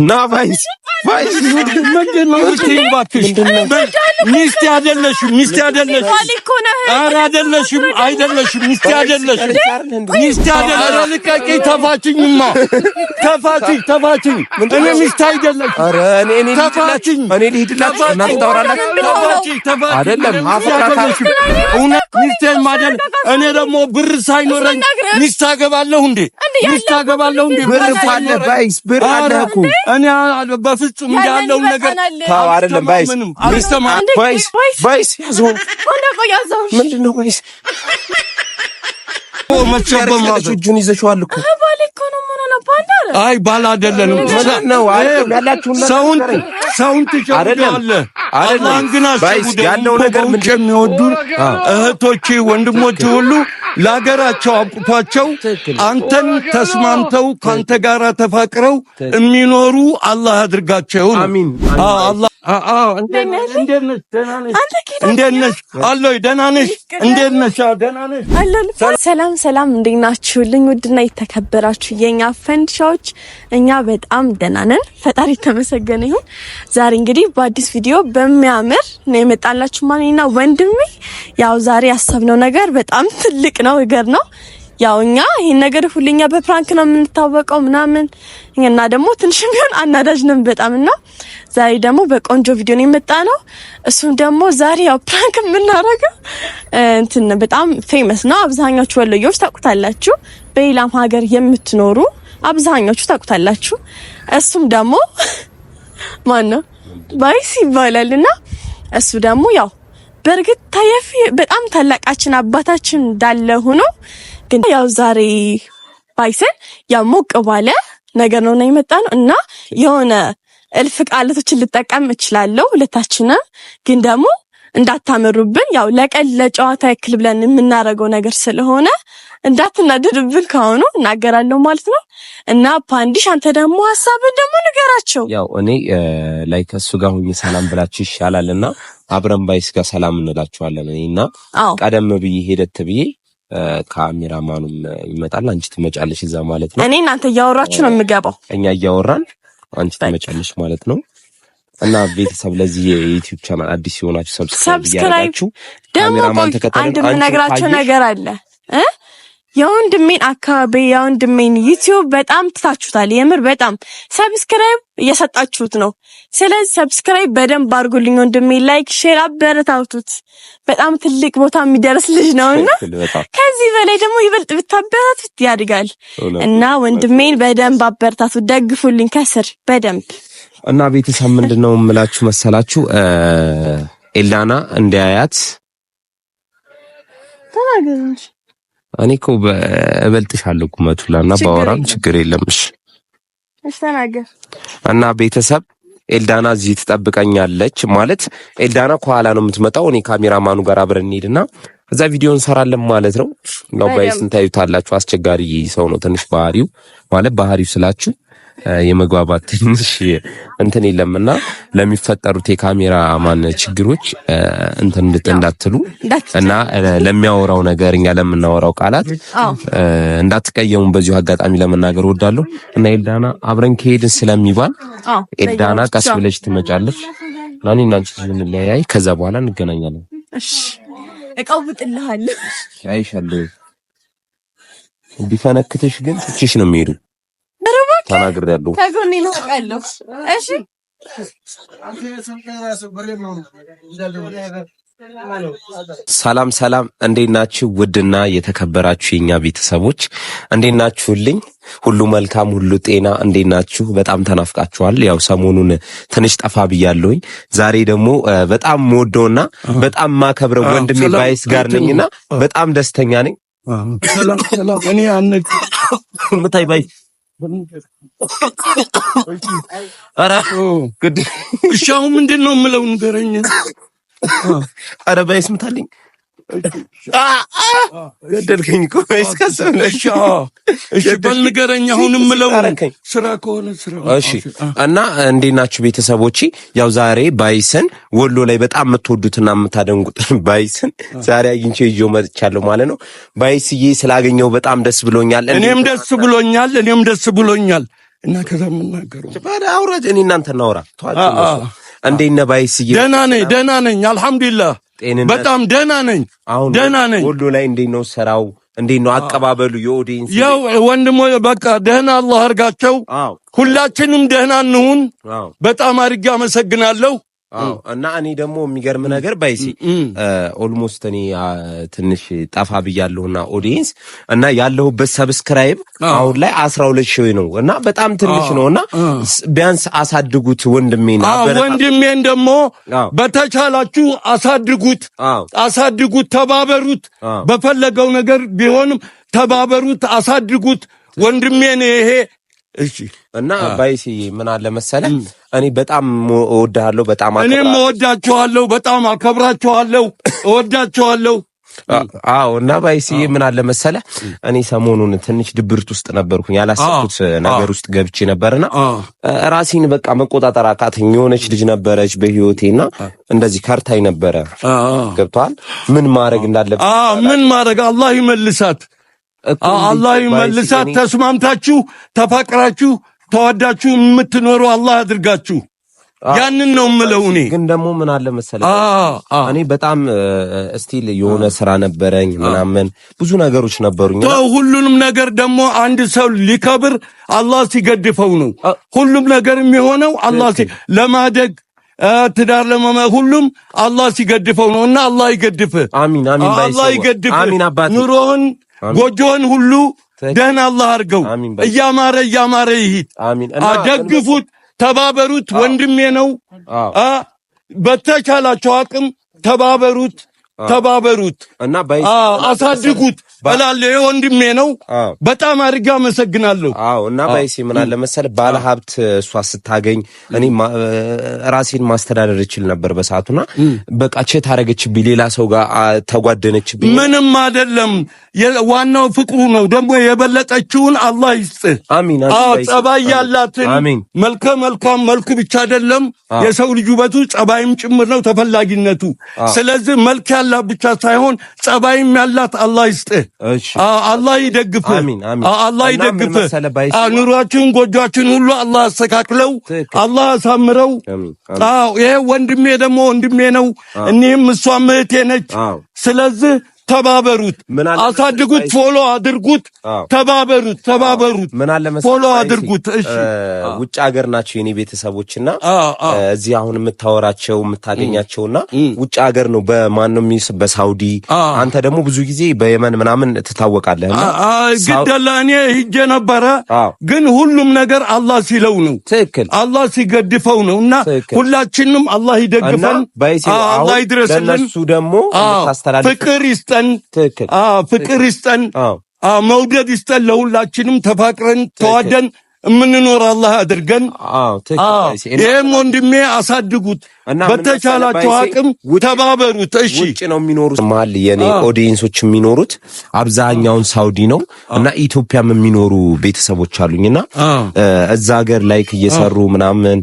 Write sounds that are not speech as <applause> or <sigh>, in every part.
ના ભાઈ ભાઈ મત કે લો ઠીક વાત છે ሚስቴ አይደለሽም። ሚስቴ አይደለሽም። ኧረ አይደለሽም፣ አይደለሽም። ሚስቴ አይደለሽም። ሚስቴ አይደለሽም። ልቀቂኝ፣ ተፋችኝማ፣ ተፋችኝ፣ ተፋችኝ። እኔ ሚስቴ አይደለሽም። ተፋችኝ፣ እኔ ልሂድላችሁ። እናንተ ታወራላችሁ። እውነት ሚስቴም አይደለም። እኔ ደግሞ ብር ሳይኖረኝ ሚስት አገባለሁ እንዴ? ሚስት አገባለሁ እንዴ? ብር አለ ባይስ፣ ብር አለ እኮ እኔ በፍጹም እንዳለው ነገር ታው አይደለም ባይስ ሚስቴ እጁን ይዘሽዋል እኮ አይ ባል አይደለንም። ሰውን ሰውን ትሸውዳለህ። ግን አስቡ። ያለው የሚወዱ እህቶቼ ወንድሞቼ ሁሉ ለሀገራቸው አብቅቷቸው አንተን ተስማምተው ከአንተ ጋር ተፋቅረው የሚኖሩ አላህ አድርጋቸው። አሚን። ሰላም ሰላም፣ እንዴት ናችሁልኝ? ውድና የተከበራችሁ የኛ ፈንድሻዎች፣ እኛ በጣም ደህና ነን፣ ፈጣሪ የተመሰገነ ይሁን። ዛሬ እንግዲህ በአዲስ ቪዲዮ በሚያምር ነው የመጣላችሁ። ማንና ወንድሜ፣ ያው ዛሬ ያሰብነው ነገር በጣም ትልቅ ነው፣ እገር ነው ያው እኛ ይሄን ነገር ሁሉኛ በፕራንክ ነው የምንታወቀው ምናምን እና ደግሞ ትንሽ ቢሆን አናዳጅ ነን በጣም እና ዛሬ ደግሞ በቆንጆ ቪዲዮ ነው የመጣ ነው። እሱም ደግሞ ዛሬ ያው ፕራንክ የምናደርገው እንትን በጣም ፌመስ ነው። አብዛኛዎቹ ወለዮች ታውቁታላችሁ። በሌላም ሀገር የምትኖሩ አብዛኛዎቹ ታውቁታላችሁ። እሱም ደግሞ <laughs> ማን ነው ባይስ ይባላል እና እሱ ደግሞ ያው በእርግጥ ታየፊ በጣም ታላቃችን አባታችን እንዳለ ሆኖ ግን ያው ዛሬ ባይስን ያው ሞቅ ባለ ነገር ነው የመጣ ነው እና የሆነ እልፍ ቃላቶችን ልጠቀም እችላለሁ። ሁለታችንም ግን ደግሞ እንዳታመሩብን ያው ለቀል ለጨዋታ ያክል ብለን የምናደርገው ነገር ስለሆነ እንዳትናደዱብን ከሆኑ እናገራለሁ ማለት ነው። እና ፓንዲሽ አንተ ደግሞ ሀሳብን ደግሞ ንገራቸው። ያው እኔ ላይ ከሱ ጋር ሁኝ ሰላም ብላችሁ ይሻላል እና አብረን ባይስ ጋር ሰላም እንላችኋለን እና ቀደም ብዬ ሄደት ብዬ ካሜራማኑም ይመጣል፣ አንቺ ትመጫለሽ እዛ ማለት ነው። እኔ እናንተ እያወራችሁ ነው የምገባው፣ እኛ እያወራን አንቺ ትመጫለሽ ማለት ነው። እና ቤተሰብ ለዚህ የዩቲዩብ ቻናል አዲስ የሆናችሁ ሰብስክራይብ ያደርጋችሁ። ደግሞ አንድ የምነግራቸው ነገር አለ እ የወንድሜን አካባቢ የወንድሜን ዩቲዩብ በጣም ትታችሁታል። የምር በጣም ሰብስክራይብ እየሰጣችሁት ነው። ስለዚህ ሰብስክራይብ በደንብ አድርጉልኝ። ወንድሜ ላይክ፣ ሼር አበረታቱት። በጣም ትልቅ ቦታ የሚደርስ ልጅ ነውና ከዚህ በላይ ደግሞ ይበልጥ ብታበረታቱት ያድጋል እና ወንድሜን በደንብ አበረታቱት፣ ደግፉልኝ ከስር በደንብ እና ቤተሰብ ምንድነው የምላችሁ መሰላችሁ ኤላና እንዲያያት ተናገሩሽ እኔ እኮ እበልጥሻለሁ ቁመቱላ እና ባወራም ችግር የለምሽ። እና ቤተሰብ ኤልዳና እዚህ ትጠብቀኛለች ማለት ኤልዳና ከኋላ ነው የምትመጣው። እኔ ካሜራማኑ ጋር አብረን እንሄድና እዛ ቪዲዮ እንሰራለን ማለት ነው። ነው ባይስ እንታዩታላችሁ። አስቸጋሪ ሰው ነው ትንሽ ባህሪው ማለት ባህሪው ስላችሁ የመግባባት ትንሽ እንትን የለምና ለሚፈጠሩት የካሜራ ማን ችግሮች እንትን እንዳትሉ እና ለሚያወራው ነገር እኛ ለምናወራው ቃላት እንዳትቀየሙ በዚሁ አጋጣሚ ለመናገር እወዳለሁ እና ኤልዳና አብረን ከሄድን ስለሚባል ኤልዳና ቀስ ብለሽ ትመጫለች እና እኔ እናንቺ እንለያይ፣ ከዛ በኋላ እንገናኛለን። እሺ፣ እቀውጥልሃለሁ። አይሻለሁ። ቢፈነክትሽ ግን ትችሽ ነው የሚሄዱ ተናግሬያለሁ። ከጎኔ ነው እሺ ሰላም ሰላም፣ እንዴት ናችሁ? ውድና የተከበራችሁ የኛ ቤተሰቦች እንዴት ናችሁልኝ? ሁሉ መልካም፣ ሁሉ ጤና፣ እንዴት ናችሁ? በጣም ተናፍቃችኋል። ያው ሰሞኑን ትንሽ ጠፋ ብያለሁኝ። ዛሬ ደግሞ በጣም የምወደውና በጣም ማከብረው ወንድሜ ባይስ ጋር ነኝና በጣም ደስተኛ ነኝ። ሰላም ሰላም፣ እኔ አሁን ምንድን ነው የምለው? ንገረኝ። ኧረ በይ ስምታልኝ ገደልከኝ እኮ በል ንገረኝ። አሁን የምለው ስራ ከሆነ ስራ። እሺ። እና እንዴት ናችሁ ቤተሰቦች? ያው ዛሬ ባይሰን ወሎ ላይ በጣም የምትወዱትና የምታደንቁት <laughs> ባይሰን ዛሬ አግኝቼ ይዤው መጥቻለሁ ማለት ነው። ባይስዬ ስላገኘው በጣም ደስ ብሎኛል። እኔም ደስ ብሎኛል። እኔም ደስ ብሎኛል። እና ከዛ የምናገሩ አውራ እኔ እናንተ እናውራ። እንዴት ነህ ባይስዬ? ደህና ነኝ፣ ደህና ነኝ። አልሐምዱሊላህ በጣም ደህና ነኝ፣ ደህና ነኝ። ወሎ ላይ እንዴት ነው ሰራው? እንዴት ነው አቀባበሉ? የኦዲንስ ያው ወንድሞ በቃ ደህና አላህ አርጋቸው። ሁላችንም ደህና እንሁን። በጣም አድርጌ አመሰግናለሁ። እና እኔ ደግሞ የሚገርም ነገር ባይሲ ኦልሞስት እኔ ትንሽ ጠፋ ብያለሁና ኦዲየንስ እና ያለሁበት ሰብስክራይብ አሁን ላይ አስራ ሁለት ሺህ ነው እና በጣም ትንሽ ነው እና ቢያንስ አሳድጉት ወንድሜ ወንድሜን ደግሞ በተቻላችሁ አሳድጉት አሳድጉት ተባበሩት በፈለገው ነገር ቢሆንም ተባበሩት አሳድጉት ወንድሜን ይሄ እሺ እና ባይሲ ምን አለ መሰለ፣ እኔ በጣም እወድሃለሁ፣ በጣም እኔም እወዳችኋለሁ፣ በጣም አከብራችኋለሁ፣ እወዳችኋለሁ። አዎ እና ባይሲ ምን አለ መሰለ፣ እኔ ሰሞኑን ትንሽ ድብርት ውስጥ ነበርኩኝ፣ ያላሰብኩት ነገር ውስጥ ገብቼ ነበርና ራሴን በቃ መቆጣጠር አቃተኝ። የሆነች ልጅ ነበረች በህይወቴና እንደዚህ ከርታኝ ነበረ። ገብቷል ምን ማድረግ እንዳለብኝ ምን ማድረግ አላህ ይመልሳት አላህ ይመልሳት። ተስማምታችሁ ተፋቅራችሁ ተዋዳችሁ የምትኖሩ አላህ አድርጋችሁ። ያንን ነው የምለው። እኔ ግን ደግሞ ምን አለ መሰለህ እኔ በጣም እስቲል የሆነ ስራ ነበረኝ ምናምን ብዙ ነገሮች ነበሩኝ። ሁሉንም ነገር ደግሞ አንድ ሰው ሊከብር አላህ ሲገድፈው ነው ሁሉም ነገር የሚሆነው። አላህ ሲ ለማደግ ትዳር ለመመ ሁሉም አላህ ሲገድፈው ነው እና አላህ ይገድፍ። አሚን አሚን። አላህ ይገድፍ ኑሮህን ጎጆን ሁሉ ደህና አላህ አርገው። እያማረ እያማረ ይሂድ። ደግፉት፣ ተባበሩት። ወንድሜ ነው። በተቻላቸው አቅም ተባበሩት ተባበሩት እና አሳድጉት እላለሁ። ይሄ ወንድሜ ነው። በጣም አድርጌ አመሰግናለሁ። አዎ እና ባይሴ ምን አለ መሰለህ ባለ ሀብት እሷ ስታገኝ እኔ ራሴን ማስተዳደር እችል ነበር በሰዓቱና በቃ ቼት አደረገችብኝ፣ ሌላ ሰው ጋር ተጓደነችብኝ። ምንም አይደለም ዋናው ፍቅሩ ነው። ደግሞ የበለጠችውን አላህ ይስጥ። አሚን። አዎ ጸባይ ያላትን መልከ መልካም መልክ ብቻ አይደለም የሰው ልጅ ውበቱ ጸባይም ጭምር ነው ተፈላጊነቱ። ስለዚህ መልክ ያላት ብቻ ሳይሆን ጸባይም ያላት አላህ ይስጥ። አላህ ይደግፍ። አላህ ይደግፍ። ኑሯችን ጎጆችን ሁሉ አላህ አስተካክለው፣ አላህ አሳምረው። አዎ ይሄ ወንድሜ ደግሞ ወንድሜ ነው። እኒህም እሷም እህቴ ነች። ስለዚህ ተባበሩት፣ አሳድጉት፣ ፎሎ አድርጉት፣ ተባበሩት፣ ተባበሩት፣ ፎሎ አድርጉት። እሺ ውጭ ሀገር ናቸው የኔ ቤተሰቦችና እዚህ አሁን የምታወራቸው የምታገኛቸውና ውጭ ሀገር ነው። በማንም ነው በሳውዲ አንተ ደግሞ ብዙ ጊዜ በየመን ምናምን ትታወቃለህ። ግደላ እኔ ሂጄ ነበረ፣ ግን ሁሉም ነገር አላህ ሲለው ነው። ትክክል አላህ ሲገድፈው ነው። እና ሁላችንም አላህ ይደግፈን፣ አላህ ይድረስልን፣ ደግሞ ፍቅር ይስጠን። ይስጠን፣ ፍቅር ይስጠን፣ መውደድ ይስጠን። ለሁላችንም ተፋቅረን ተዋደን የምንኖር አላህ አድርገን። ይህም ወንድሜ አሳድጉት፣ በተቻላቸው አቅም ተባበሩት። እሺ ውጭ ነው የሚኖሩት ማል የኔ ኦዲየንሶች የሚኖሩት አብዛኛውን ሳውዲ ነው እና ኢትዮጵያም የሚኖሩ ቤተሰቦች አሉኝና እዛ ሀገር ላይክ እየሰሩ ምናምን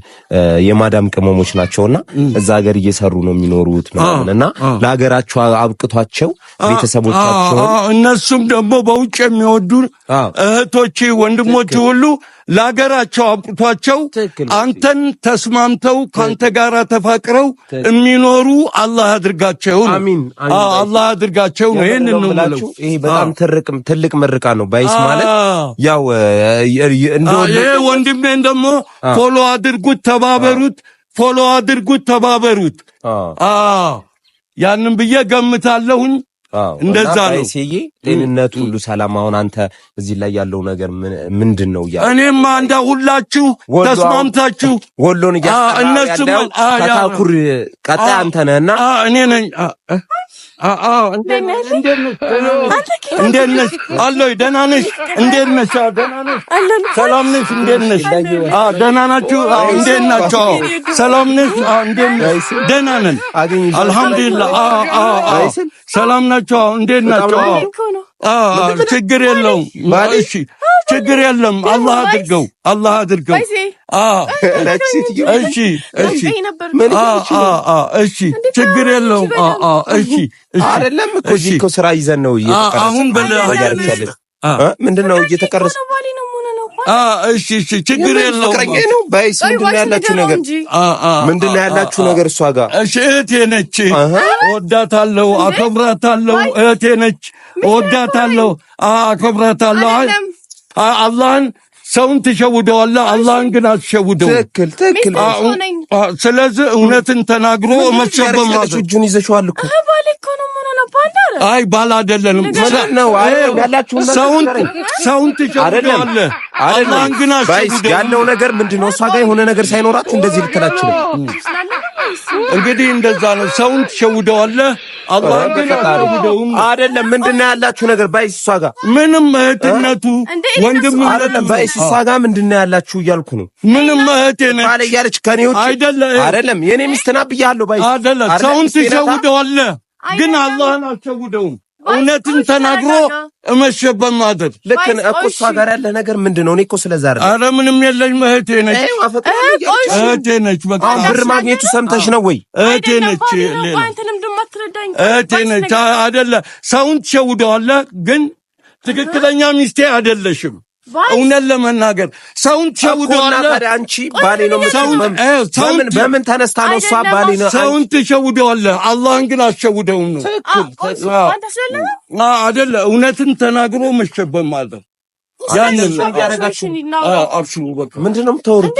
የማዳም ቅመሞች ናቸውና እዛ ሀገር እየሰሩ ነው የሚኖሩት ምናምን እና ለሀገራቸው አብቅቷቸው ቤተሰቦቻቸውን እነሱም ደግሞ በውጭ የሚወዱ እህቶች ወንድሞች ሁሉ ለሀገራቸው አብቅቷቸው አንተን ተስማምተው ከአንተ ጋር ተፋቅረው የሚኖሩ አላህ አድርጋቸው ነው። አላህ አድርጋቸው ነው። ይህን ነው የምላችሁ። ይሄ በጣም ትልቅ ምርቃ ነው። ባይስ ማለት ያው ይሄ ወንድሜን ደግሞ ፎሎ አድርጉት፣ ተባበሩት። ፎሎ አድርጉት፣ ተባበሩት። ያንን ብዬ ገምታለሁኝ። እንደዛ ነው ጤንነት ሁሉ ሰላም። አሁን አንተ እዚህ ላይ ያለው ነገር ምንድን ነው እያለ እኔማ አንተ ሁላችሁ ተስማምታችሁ <laughs> ወሎን እያስጠራ ከታኩር ቀጣ አንተ ነህና እኔ ነኝ። እንዴት ነሽ? አለሁኝ። ደህና ነሽ? እንዴት ነሽ? ሰላም ነሽ? እንዴት ነሽ? ደህና ናችሁ? እንዴት ናችሁ? ሰላም ነሽ? እንዴት ነሽ? ደህና ነን፣ አልሐምዱሊላህ ሰላም ናቸው። እንዴት ናቸው? ችግር የለው። እሺ ችግር የለም። አላህ አድርገው፣ አላህ አድርገው። እሺ እሺ እሺ ችግር የለውም። እሺ አይደለም እኮ ስራ ይዘን ነው። አሁን ምንድን ነው እየተቀረሰ እሺ፣ እሺ፣ ችግር የለውም። ነው ምንድን ያላችሁ ነገር ምንድን ያላችሁ ነገር እሷ ጋር እሺ። እህቴ ነች፣ እወዳታለሁ፣ አከብራታለሁ። እህቴ ነች፣ እወዳታለሁ፣ አከብራታለሁ። አላህን ሰውን ትሸውደዋለህ፣ አላህን ግን አትሸውደው። ትክክል፣ ትክክል። ስለዚህ እውነትን ተናግሮ መሸበም እጁን ይዘሽዋል እኮ አይ ባል አይደለንም። ሰላም ነው። አይ ያላችሁ ሰውን ሰውን ትሸውዳለህ። አላን ግን ያለው ነገር ምንድነው? እሷ ጋር የሆነ ነገር ሳይኖራት እንደዚህ ልትላችሁ እንግዲህ እንደዛ ነው። ሰውን ትሸውደዋለህ። አላህ ግን አትሸውደውም። አይደለም ምንድነው ያላችሁ ነገር? ባይስ እሷ ጋር ምንም እህትነቱ ወንድም አይደለም። ባይስ እሷ ጋር ምንድነው ያላችሁ እያልኩ ነው። ምንም እህቴ ነች ባለ እያለች ከኔ ውጪ አይደለም። አይደለም የኔ ሚስት ናት ብያለሁ። ባይስ አይደለም ሰውን ትሸውደዋለህ ግን አላህን አልሸውደውም። እውነትን ተናግሮ እመሸበት ማደር ልክ እኮ እሷ ጋር ያለ ነገር ምንድን ነው? እኔ እኮ ስለዛ አይደል። ኧረ ምንም የለኝም። እህቴ ነች፣ እህቴ ነች። በቃ ብር ማግኘቱ ሰምተሽ ነው ወይ? እህቴ ነች፣ እህቴ ነች። አይደለ ሰውን ትሸውደዋለህ፣ ግን ትክክለኛ ሚስቴ አይደለሽም። እውነት ለመናገር ሰውን ትሸውደዋለህ። በምን ተነስታ ነው እሷ ባሌ ነው? ሰውን ትሸውደዋለህ፣ አላህን ግን አትሸውደውም ነው አደለ? እውነትን ተናግሮ መሸበም ማለት ያንን ምንድን የምታወሩት?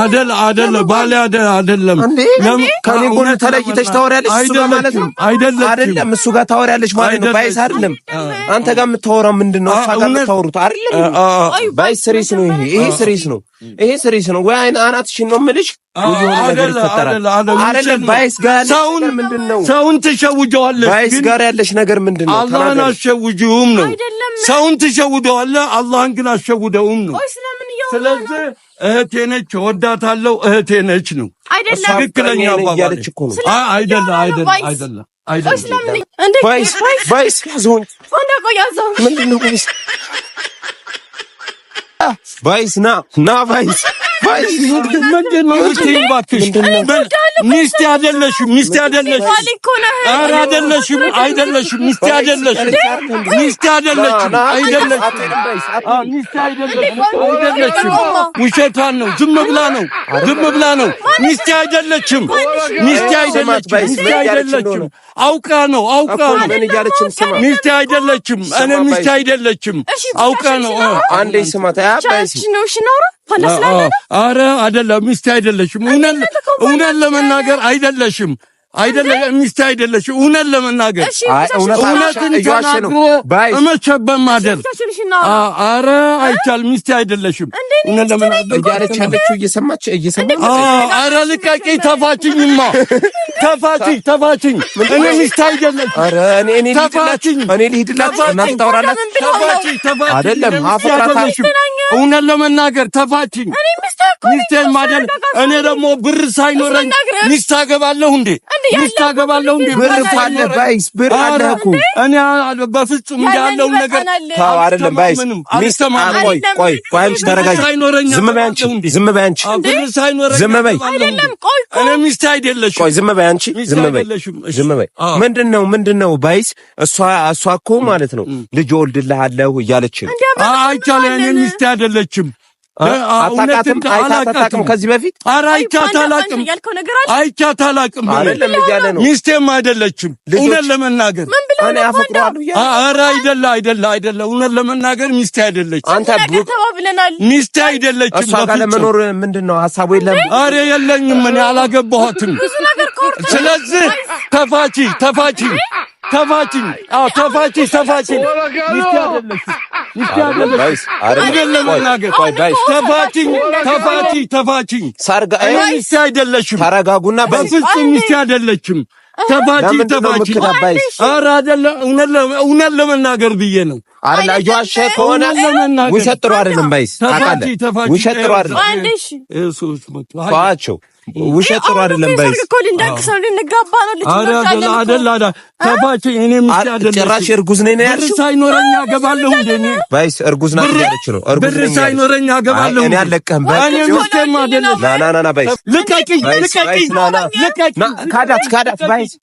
አደል አደል አደለም። ለምን አይደለም፣ እሱ ጋር ማለት ነው። ባይስ አይደለም፣ አንተ ጋር ነው? ባይስ ነው ይሄ፣ ነው ይሄ ስሪስ ነው ወይ? አይን አናትሽን ነው የምልሽ። ሰውን ትሸውጀዋለሽ። ባይስ ጋር ያለሽ ነገር ምንድን ነው? አላህን አሸውጂውም ነው። ሰውን ትሸውደዋለህ፣ አላህን ግን አሸውደውም ነው። ስለዚህ እህቴ ነች፣ እወዳታለሁ፣ እህቴ ነች ነው ትክክለኛ አባባለች። አይደለም አይደለም አይደለም ባይስ ቫይስ ና ና ቫይስ ሚስቴ አይደለሽም፣ ሚስቴ አይደለሽም፣ ኧረ አይደለሽም፣ አይደለሽም፣ ሚስቴ አይደለሽም፣ ሚስቴ አይደለሽም፣ አይደለሽም። ውሸቷን ነው። ዝም ብላ ነው፣ ዝም ብላ ነው። ሚስቴ አይደለችም፣ ሚስቴ አይደለችም፣ አውቃ ነው፣ አውቃ ነው። ሚስቴ አይደለችም፣ እኔ ሚስቴ አይደለችም፣ አውቃ ነው። አንዴ ስማት ነው አረ አይደለም፣ ሚስቴ አይደለሽም። እውነት ለመናገር አይደለሽም አይደለም ሚስት አይደለሽ። እውነት ለመናገር እውነትን ተናግሮ መቸበን ማደር አረ አይቻልም። ሚስት አይደለሽም። እውነት ለመናገር እያለች ያለችው እየሰማች እየሰማች አረ ልቀቂ፣ ተፋችኝማ፣ ተፋችኝ፣ ተፋችኝ። እኔ ሚስት አይደለሽ። አረ እኔ ልሂድላት፣ እኔ ተፋችኝ፣ ተፋችኝ። አይደለም አፈቅራታለሁ እውነት ለመናገር ተፋችኝ። ሚስቴን ማደል እኔ ደግሞ ብር ሳይኖረኝ ሚስት አገባለሁ እንዴ? ሚስት አገባለሁ እንዴ? ብር ካለ ባይስ ብር አለ እኮ እኔ በፍጹም እንዳለው ነገር ታው አይደለም ባይስ ሚስት ቆይ ቆይ ቆይ አንቺ ተረጋጊ። ዝም በይ አንቺ ዝም በይ አንቺ ዝም በይ አይደለም ቆይ እኔ ሚስት አይደለሽ። ቆይ ዝም በይ አንቺ ዝም በይ ዝም በይ። ምንድነው ምንድነው ባይስ እሷ እሷ እኮ ማለት ነው ልጅ ወልድልሃለሁ እያለች ነው። አይቻለ እኔ ሚስት አይደለችም። እውነትን አላቃትም። ከዚህ በፊት ኧረ አይቻት አላቅም፣ አይቻት አላቅም። ሚስቴም አይደለችም። እውነት ለመናገር ኧረ አይደለ አይደለ አይደለ። እውነት ለመናገር ሚስቴ አይደለችም። ሚስቴ አይደለችም። እሷ ለመኖር ምንድን ነው ሀሳቡ? የለም ኧረ የለኝም፣ እኔ አላገባኋትም። ስለዚህ ተፋቺ ተፋቺ ተፋችኝ። ተፋቺ ተፋቺ አይደለሽም። ተረጋጉና በፍጹም ሚስቴ አይደለችም። ተፋቺ ተፋቺ። ኧረ አይደለም፣ እውነት ለመናገር ብዬ ነው። አላ ጆአሽ ከሆነ ውሸት ጥሩ አይደለም። ባይስ ውሸት ጥሩ አይደለም። ውሸት ጥሩ አይደለም። ባይስ ጭራሽ እርጉዝ ነኝ ነው ያልሽው? ሳይኖረኝ አገባለሁ እንደ እኔ ባይስ እርጉዝ ናት እያለች ነው። ብር ሳይኖረኝ አገባለሁ እኔ አለቀህም። ልቀቂ፣ ልቀቂ፣ ልቀቂ። ካዳት፣ ካዳት ባይስ